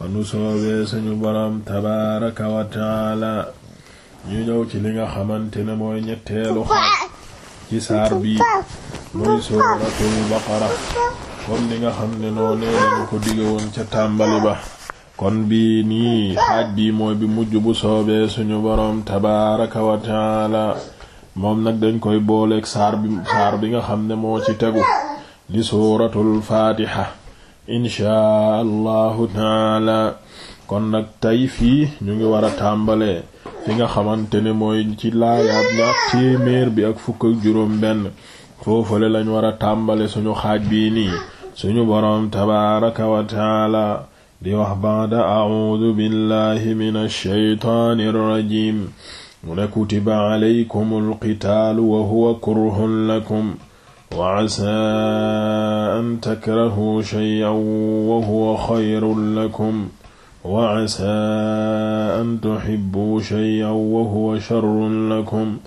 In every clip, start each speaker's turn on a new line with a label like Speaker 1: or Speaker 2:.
Speaker 1: konu soobee suñu boroom tabaaraka wa ñu ñëw ci li nga xamante ne mooy ñetteelu xaaj ci saar bii muy suuratul baqara kon li nga xam ne noo nee ko digge woon ca tàmbali ba kon bii nii xaaj bii mooy bi mujj bu soobee suñu boroom tabaaraka wa moom nag dañ koy booleeg saar bi bi nga xam ne moo ci tegu di suuratul faatiha inchaa allahu taala kon nag tey fii ñu ngi war a tàmbalee fi nga xamante ne mooy ci laayaat ñaar téeméer bi ak fukk ak juróom benn foofale lañ war a tàmbale suñu xaaj bii nii suñu boroom tabaaraka wa di wax baada a'uudu billahi min alsheytaani irrajim mu ne kutiba alaykum alqitaalu wa huwa kurhun lakum wa asaa an takrahuu shay'an wa huwa xayrun lakum wa asaa an tuhibbuu shay'an wa huwa lakum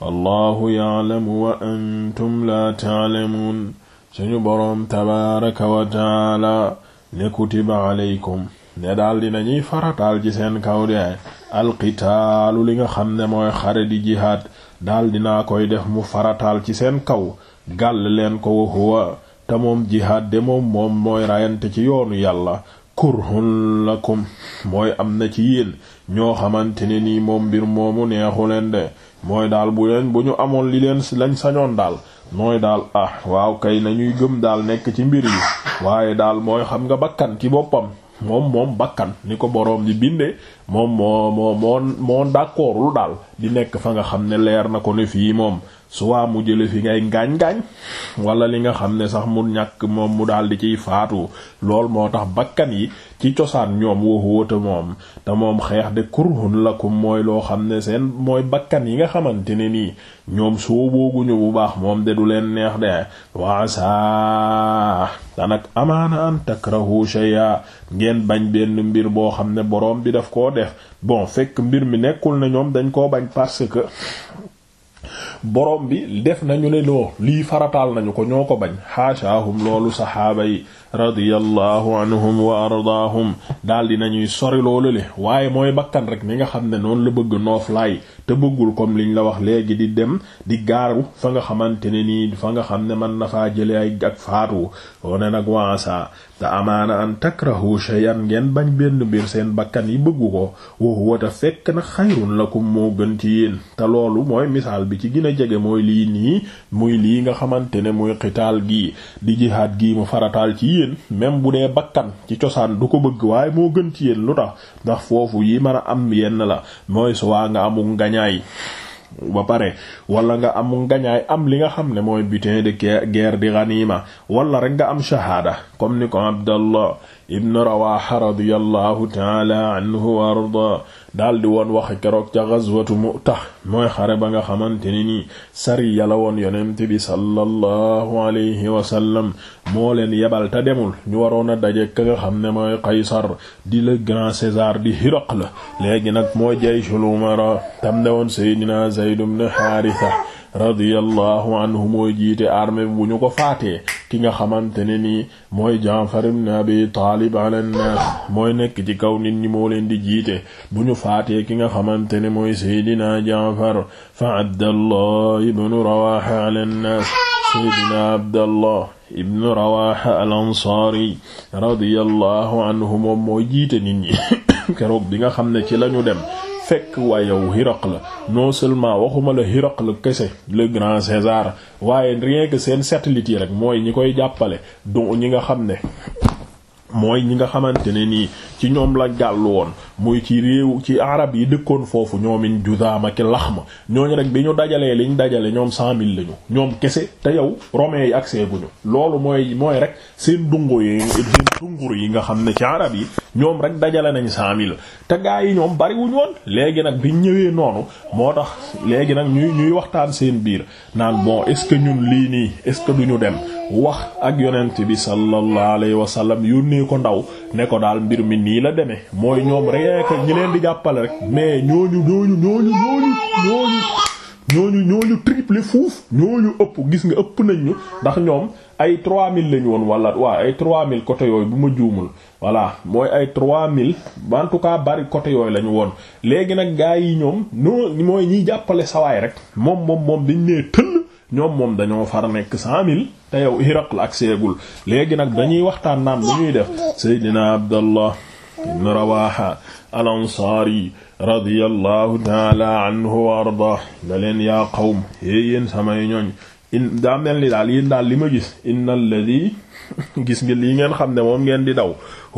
Speaker 1: allahu ya'lamu wa antum laa ta'lamuun suñu boroom tabaaraka wa ne kutiba aleykum ne daal dinañuy farataal ci seen kaw de li nga xam ne mooy xare di jihaad daal dinaa koy def mu farataal ci seen kaw gàll leen ko wa huwa te moom jihaad de moom moom mooy rayante ci yoonu yàlla kurhun mooy am na ci yéen ñoo xamante ne nii moom mbir moomu neexu leen de mooy daal bu leen bu ñu amoon li leen lañ sañoon daal mooy daal ah waaw kay nañuy gëm daal nekk ci mbir yi waaye daal mooy xam nga bàkkan ki boppam moom moom bakkan ni ko boroom di binde moom moo moo moo moo daal di nekk fa nga xam ne leer na ko ne fii moom soit mu jële fi ngay ngaañ-ngaañ wala li nga xam ne sax mu ñàkk moom mu daal di ciy faatu lool moo tax bakkan yi ci cosaan ñoom wóote moom te moom xeex de kurhun lakum mooy loo xam ne seen mooy bakkan yi nga xamante ne nii ñoom soo booguñu bu baax moom de du leen neex de waasa danag amaana an takrahu shay'a ngeen bañ benn mbir boo xam ne boroom bi daf koo def bon fekk mbir mi nekkul na ñoom dañ koo bañ parce que borom bi def nañu ne loo lii farataal nañu ko ñoo ko bañ xaacaahum loolu saxaabay yi radiyallahu anhum wa nañuy sori loolu waaye mooy bakkan rek ni nga xam ne noonu la bëgg noof laay te bëggul comme liñ la wax léegi di dem di gaaru fa nga xamante ne nii fa nga xam ne man na faa jële ay ak faatu wone nag waasa te amaana an takrahu shay'an ngeen bañ benn mbir seen bakkan yi bëggu ko wahuwa te fekk na xayrun lakum moo gën ci te loolu mooy misaal bi ci gën a jege mooy lii nii muy lii nga xamante ne muy xitaal gii di jihaad gii mu farataal ci yéen même bu dee bakkan ci cosaan du ko bëgg waaye moo gën ci yéen lu tax ndax foofu yi mën am yenn la mooy su waa nga amul ngañ ngañaay ba pare wala nga am ngañaay am li nga xam ne mooy butin de guerre di ganima wala rek nga am shahaada comme ni ko Abdallah ibn rawaxa radiyallahu taala anhu wa arda daldi woon wax keroog ca gazwatu mu'ta mooy xare ba nga xamante ne nii sariya la woon yonent bi sallallahu alayhi wasallam moo leen yebal te demul ñu waroon a daje ka nga xam ne mooy qaysar di le grand César di Hiraqla léegi nag mooy jayshul umara tam ne woon seydina Zayd ibn Haritha radiyallahu anhu mooy jiite armée bu ñu ko faatee ki nga xamante ne nii mooy Jaafar ibn Abi Taalib ala nnaas mooy nekk ci kaw nit ñi moo leen di jiite bu ñu faatee ki nga xamante ne mooy Seydina Jaafar fa Abdallah ibnu Rawaha ala nnaas Seydina Abdallah jiite nit ñi keroog bi nga xam ne ci lañu dem fekk waa yow Hiraqla non seulement waxuma la Hiraqla kese le grand César waaye rien que seen satellite yi rek mooy ñi koy jàppale donc ñi nga xam ne mooy ñi nga xamante ne nii ci ñoom la gàll woon muy ci réew ci arab yi dëkkoon foofu ñoomin judaama ki laxma ñooñu rek bi ñu dajalee liñ dajale ñoom cent mille lañu ñoom kese te yow romains yi accès guñu loolu mooy mooy rek seen dungu yi seen dunguru yi nga xam ne ci arab yi ñoom rek dajale nañ cent mille te gaa yi ñoom bariwuñ woon léegi nag biñ ñëwee noonu moo tax léegi nag ñuy ñuy waxtaan seen biir naan bon est-ce que ñun lii nii est-ce que duñu dem wax ak yonent bi sallallahu alayhi wa sallam yónnee ko ndaw ne ko daal mbir mi nii la demee mooy yeek ñi leen di jàppale rek mais ñooñu ñooñu ñooñu ñooñu ñooñu ñooñu ñooñu triple fuuf ñooñu ëpp gis nga ëpp nañ ñu ndax ñoom ay mille lañu woon wala waa ay 3000 côté yooyu bu ma juumul voilà mooy ay 3000 en tout cas bari côté yooyu lañ woon. léegi nag gaa yi ñoom noo mooy ñiy jàppale sawaay rek moom moom moom dañ nee tëll ñoom moom dañoo far nekk 100000 te yow Hiraql ak seegul léegi nag dañuy waxtaan naan bu ñuy def Seydina Abdallah. ibn Rawaha al-Ansari radiyallahu taala anhu wa arda da leen yaa qawm yéen samay ñooñ in daa mel ni daal yéen daal li ma gis inna alladi gis ngi lii ngeen xam ne moom ngeen di daw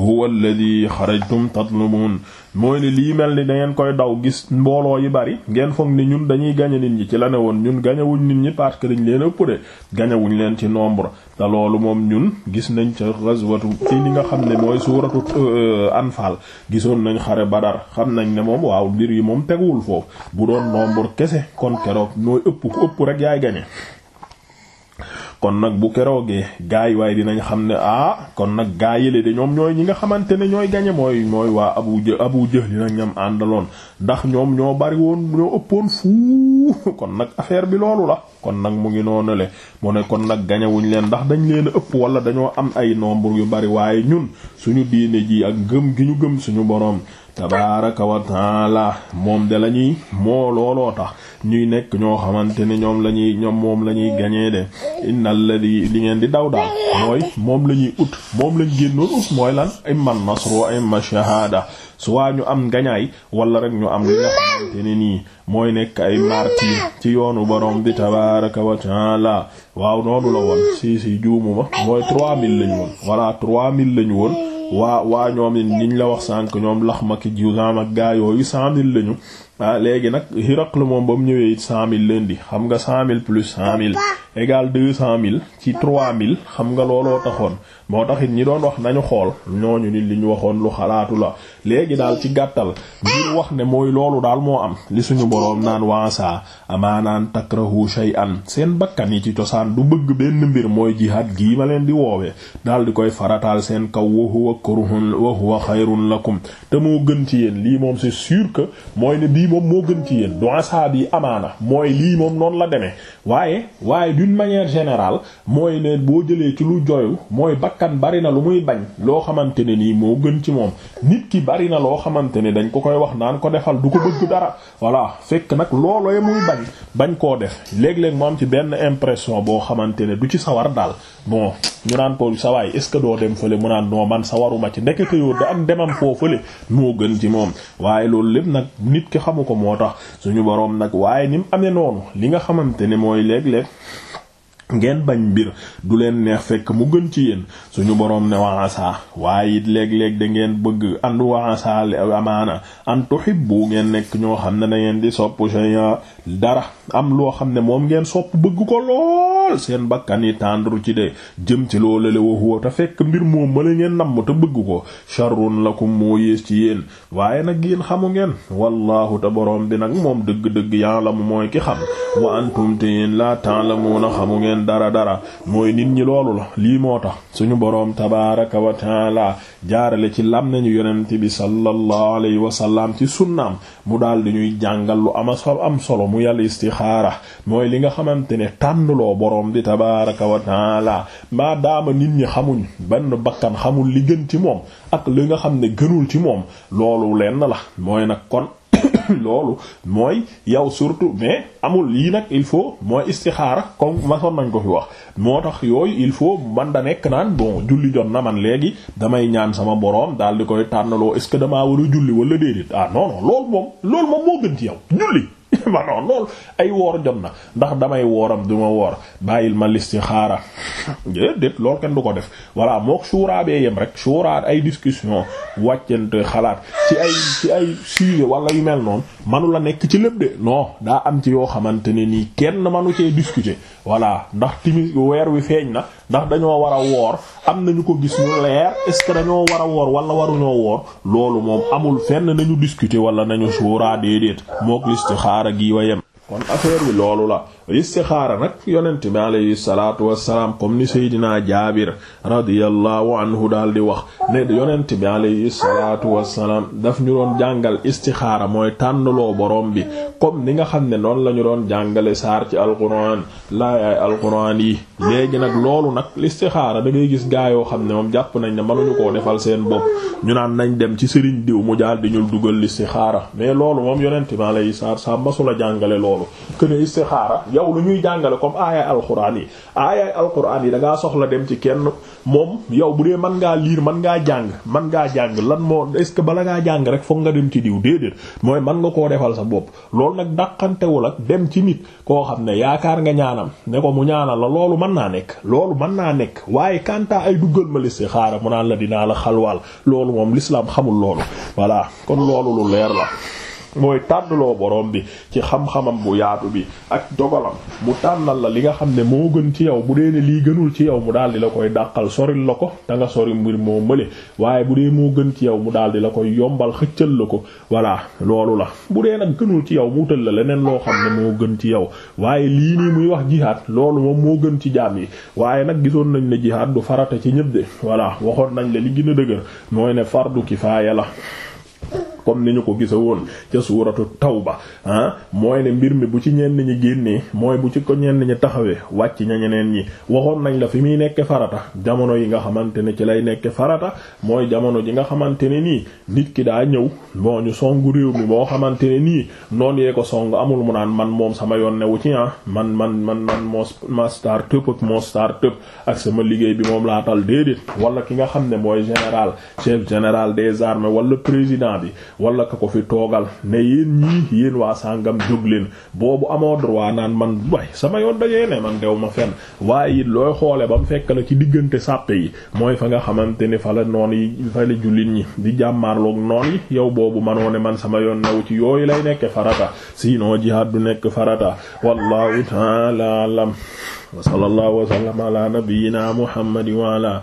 Speaker 1: huwa alladi xarajtum tatlubuun mooy ne lii mel ni dangeen koy daw gis mbooloo yi bari ngeen foog ni ñun dañuy gañe nit ñi ci la ne woon ñun gañewuñ nit ñi parce que dañ leen ëpp de gañewuñ leen ci nombre te loolu moom ñun gis nañ ca ghazwatu ci li nga xam ne mooy suuratu euh, euh, anfaal gisoon nañ xare badar xam nañ ne moom waaw mbir yi moom teguwul foofu bu doon nombre kese kon keroog mooy ëpp ëpp rek yaay gañe kon nag bu keroogee gaay waaye dinañ xam ne ah kon nag yi yële de ñoom ñooy ñi nga xamante ne ñooy gañe mooy mooy waa abu jë abu jël nag ñam àndaloon ndax ñoom ñoo bari woon ñoo ëppoon fuu kon nag affaire bi loolu la kon nag mu ngi noonu le mu ne kon nag gañewuñ leen ndax dañu leen ëpp wala dañoo am ay nombre yu bari waaye ñun suñu diine ji ak gëm gi ñu gëm suñu boroom tabaaraka wa moom de la ñuy moo looloo tax ñuy nekk ñoo xamante ni ñoom la ñuy ñoom moom la ñuy gañee de la di li ngeen di daw daal mooy moom la ñuy ut moom lañ génnoon ut mooy lan imma nasru wa imma shahaada soit ñu am ngañaay wala rek ñu am li nii mooy nekk ay martyr ci yoonu borom bi tabaraka wa taala waaw noonu la woon si si juumu ma mooy 3000 lañu woon voilà 3000 lañu woon waa waa ñoom niñ la wax sànk ñoom lax ma ki Juzaam ak gaa yooyu cent mille lañu ah léegi nag Hiraql moom ba mu ñëwee it cent mille leen di xam nga cent mille plus cent mille égal deux cent mille ci trois mille xam nga looloo taxoon moo tax it ñi doon wax nañu xool ñooñu nit li ñu waxoon lu xalaatu la léegi daal ci gàttal ngir wax ne mooy loolu daal moo am li suñu boroom naan wansa amaanaan takrahu shay'an seen bakkan yi ci cosaan du bëgg benn mbir mooy jihaad gii ma leen di woowee daal di koy farataal seen kaw wa huwa kurhun wa huwa xayrun lakum te moo gën ci yéen lii moom c'est sûr moom moo gën ci yéen du asaab yi amaana mooy lii moom noonu la demee waaye waaye d'une manière général mooy ne boo jëlee ci lu joyu mooy bakkan bari na lu muy bañ loo xamante ne nii moo gën ci moom nit ki bari na loo xamante ne dañ ko koy wax naan ko defal du ko bëgg dara voilà fekk nag loolooy muy bañ bañ koo def léeg-léeg mu am ci benn impression boo xamante ne du ci sawar daal bon ñu naan ko sawaay est-ce que doo dem fële mu naan non man sawaruma ci ndekete yoo da ak demam foo fële moo gën ci moom waaye loolu lépp nag nit ki xamu ko moo tax suñu boroom nag waaye ni amee noonu mooy léeg ngeen bañ mbir du leen neex fekk mu gën ci yéen suñu boroom ne waasa waaye it léeg-léeg da ngeen bëgg and waasa amaana an tuhibbu ngeen nekk ñoo xam ne da ngeen di sopp shay'a dara am loo xam ne moom ngeen sopp bëgg ko lool seen bakkan yi tàndaru ci de jëm ci loola waxuwa te fekk mbir moom mala ngeen namm te bëgg ko sharrun lakum moo yées ci yéen waaye nag yéen xamu ngeen wallahu te boroom bi nag moom dëgg-dëgg ya'lamu mooy ki xam wa antum te yéen la ta'lamuna xamu ngeen dara dara mooy nit ñi loolu la lii moo tax suñu boroom tabaaraka wa taala jaarale ci lam nañu yonent bi sallallahu alayhi wa sallam ci sunnaam mu daal di ñuy jàngal lu ama sol am solo mu yàlla istixaara mooy li nga xamante ne tànnloo boroom di tabaaraka wa taala maa daama nit ñi xamuñ benn bakkan xamul li gën ci moom ak li nga xam ne gënul ci moom loolu leen la mooy nag kon loolu mooy yow surtout mais amul yii nag il faut mooy istixaara comme masoon nañ ko fi wax moo tax yooyu il faut man da nekk naan bon julli jot na man léegi damay ñaan sama boroom daal di koy tànnaloo est-ce que damaa war a julli wala déedéet ah non loolu moom loolu moom moo gën ci yow julli ma noon loolu ay woor jot na ndax damay wooram duma woor bàyyil ma listixaara déedéet loolu kenn du ko def voilà mook suuraa bee yem rek suuraa ay discussion wàccent xalaat ci ay ci ay sujet wala yu mel noonu manu la nekk ci lépp de non daa am ci yoo xamante ne nii kenn manu cee discuter voilà ndax timis weer wi feeñ na ndax dañoo war a woor am nañu ko gis ñu leer est-ce que dañoo war woor wala waruñoo woor loolu moom amul fenn nañu discuter wala nañu suuraa déedéet mook listixaara gi wa yem kon affaire bi loolu la istixaara nag yonent bi alayhi salaatu wassalaam comme ni Seydina Jaabir radiyallahu anhu daal di wax ne yonent bi alayhi salaatu wassalaam daf ñu doon jàngal istixaara mooy tànnloo borom bi comme ni nga xam ne noonu la ñu doon jàngale saar ci alquran laa yaay alquran yi léegi nag loolu nag istixaara da ngay gis gaayoo xam ne moom jàpp nañ ne mënuñu koo defal seen bopp ñu naan nañ dem ci sëriñ diw mu daal di ñu dugal istixaara mais loolu moom yonent bi alayhi salaatu wassalaam masula jàngale loolu loolu que istixaara yow lu ñuy jàngale comme aaya alquran yi aaya alquran yi dangaa soxla dem ci kenn moom yow bu dee man ngaa liir man ngaa jàng man ngaa jàng lan moo est ce que bala ngaa jàng rek foog nga dem ci diw déedéet mooy man nga koo defal sa bopp loolu nag dàqantewul ak dem ci nit koo xam ne yaakaar nga ñaanam ne ko mu ñaana la loolu mën naa nekk loolu mën naa nekk waaye kanta ay duggal ma istixaara mu naan la dinaa la xalwaal loolu moom l'islam xamul loolu voilà kon loolu lu la mooy tàddaloo borom bi ci xam-xamam bu yaatu bi ak dogalam mu tànnal la li nga xam ne moo gën ci yow bu dee ne lii gënul ci yow mu daal di la koy dàqal soril la ko da nga sori mbir moo mële waaye bu dee moo gën ci yow mu daal di la koy yombal xëccal la ko voilà loolu la bu dee nag gënul ci yow mu wutal la leneen loo xam ne moo gën ci yow waaye lii nii muy wax jihaad loolu moom moo gën ci jaam yi waaye nag gisoon nañ ne jihaad du farata ci ñëpp de waxoon nañ la li gën a dëgër mooy ne fardu kifaaya la comme ni ñu ko gisa woon ca suuratu taw ba ah, mooy ne mbir mi bu ci ñenn ñi génnee mooy bu ci ko ñenn ñi taxawee wàcc ña ñeneen ñi waxoon nañ la muy nekke farata jamono yi nga xamante ne ci lay nekkee farata mooy jamono ji nga xamante ne nii nit ki daa ñëw moo ñu songu réew mi boo xamante ne nii noonu yee ko song amul mu naan man moom sama yoon newu ci ah, man man man moo ma start ak moo start up ak sama liggéey bi moom laa tal déedéet wala ki nga xam ne mooy général chef général des armées wala président bi wala ka ko fi toogal ne yéen ñii yéen waa sàngam jóg boobu amoo droit naan man way sama yoon dajee ne man dew ma fenn waaye it looy xoole ba mu fekk la ci diggante sàppe yi mooy fa nga xamante ni fa la noon yi fa la jullit ñi di jàmmaarloog noon yi yow boobu manoo man sama yoon new ci yooyu lay nekk farata sinon jihaad du nekk farata wallahu ta'ala alam wa sallallahu wa sallama ala nabiyyina muhammadin wa ala